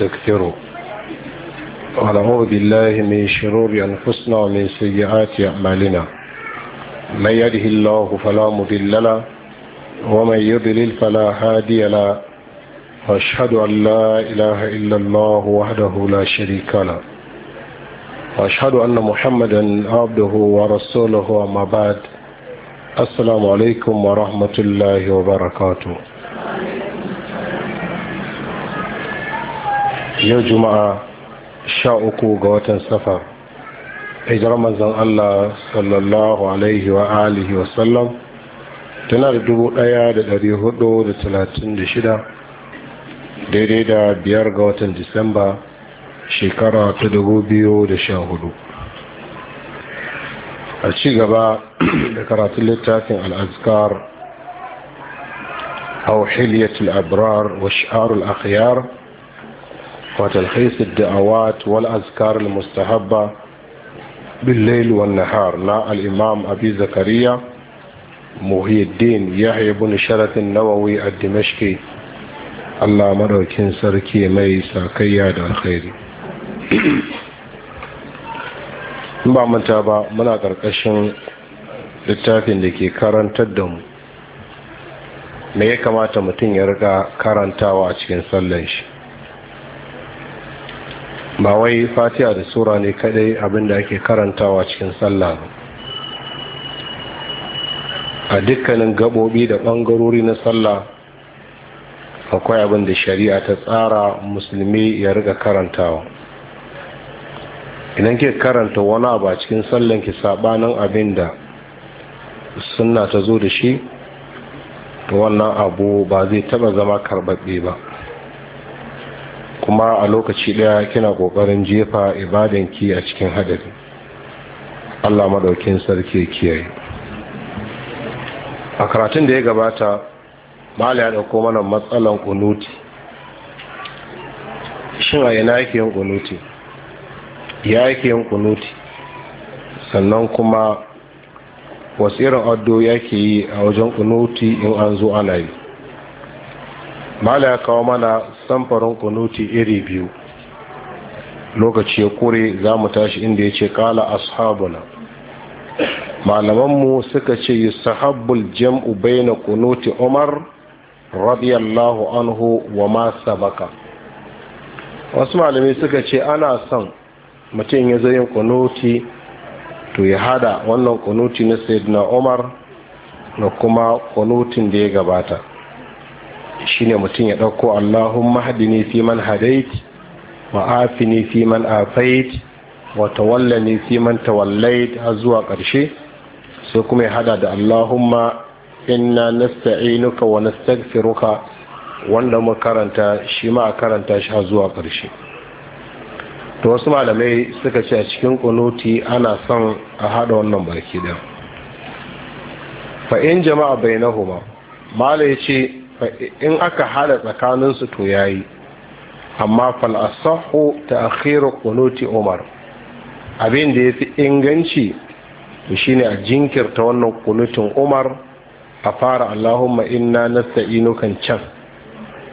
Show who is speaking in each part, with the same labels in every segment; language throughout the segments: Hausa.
Speaker 1: ونستكثره ونعوذ بالله من شرور أنفسنا ومن سيئات أعمالنا من يده الله فلا مضل له ومن يضلل فلا هادي له واشهد أن لا إله إلا الله وحده لا شريك له واشهد أن محمدا عبده ورسوله وما بعد السلام عليكم ورحمة الله وبركاته yau juma'a sha uku ga watan safar yi manzon Allah sallallahu alaihi wa alihi wa tana da dubu daya da dari hudu da talatin da shida daidai da biyar ga watan disamba shekara ta dubu biyu da sha hudu a cigaba da karatun littafin al'azkar أو abrar wa sha'arul akhiyar وتلخيص الدعوات والأذكار المستحبة بالليل والنهار لا الإمام Abizakariya زكريا محي الدين sharafin nawa شرف النووي الدمشقي Allah madaukin sarki mai sakayya da alkhairi in ba manta ba muna ƙarƙashin littafin da ke karantar da mu me ya kamata mutum ya riƙa karantawa a cikin sallar shi ba wai Fatiya da sura ne kadai abinda ake karantawa cikin sallah ba, a dukkanin gabobi da bangarori na sallah akwai abin da shari'a ta tsara musulmi ya rika karantawa idan ke karanta wani abu a cikin sallan ki sabanin abin da sunna ta zo da shi wannan abu ba zai taba zama karbabbe ba kuma a lokaci daya kina kokarin jefa ki a cikin hadari Allah madaukin sarki kiyaye a karatun da ya gabata mala ya dauko mana matsalan kunuti shin a ina yake yin kunuti ya yake yin kunuti sannan kuma wasu irin addo yake yi a wajen kunuti in an zo ana yi mala ya kawo mana samfarin kunuti iri biyu lokaci ya kure za mu tashi inda ya ce kala ashabuna malamanmu suka ce yi sahabbul jam'u baina kunuti umar radiyallahu anhu wa ma sabaka wasu malamai suka ce ana son mutum ya zo yin kunuti to ya hada wannan kunuti na sayyidina umar da kuma kunutin da ya gabata shine mutum ya ɗauko Allahumma hadini fi man hadait wa afini fi man afait wa tawallani fi man tawallait a zuwa ƙarshe sai kuma ya hada da Allahumma inna nasta'inuka wa nastaghfiruka wanda mu karanta shi ma a karanta shi a zuwa ƙarshe to wasu malamai suka ce a cikin ƙunuti ana son a hada wannan baki da fa in jama'a bainahuma mala ce. in aka hada tsakaninsu to yayi amma fal'asahu ta akhiru kunuti umar abin da ya fi inganci shine a jinkirta wannan kunutin umar a fara allahumma inna nasta'inu kan can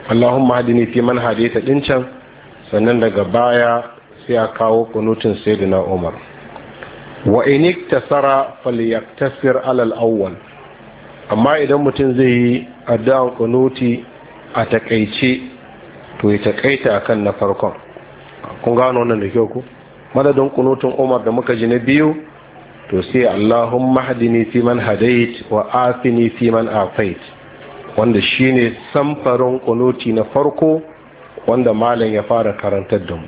Speaker 1: allahumma hadini fi man hadita din can sannan daga baya sai a kawo kunutin sayyidina umar wa in iktasara falyaktasir alal awwal amma idan mutum zai yi addu'an kunuti a takaice to ya takaita akan na farkon kun gano wannan da kyau ku madadin kunutun umar da muka ji na biyu to sai allahumma hadini fi man hadait wa afini fi man afait wanda shine samfarin kunuti na farko wanda malam ya fara karantar da mu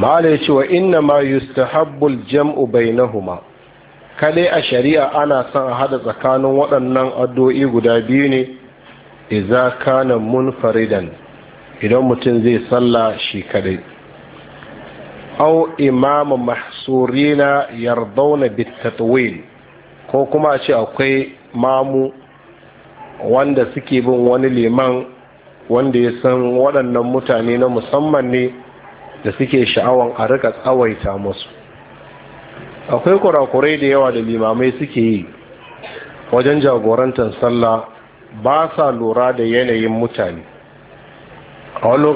Speaker 1: malam ya ce wa inna ma yustahabbul jam'u bainahuma kale a shari'a ana son a hada tsakanin waɗannan addu'o'i guda biyu ne iza kana munfaridan idan mutum zai salla shi kadai au imamu mahsurina yardauna bitatwil ko kuma a ce akwai mamu wanda suke bin wani liman wanda ya san waɗannan mutane na musamman ne da suke sha'awan a rika tsawaita musu akwai kurakurai da yawa da limamai suke yi wajen jagorantar sallah ba sa lura da yanayin mutane a wani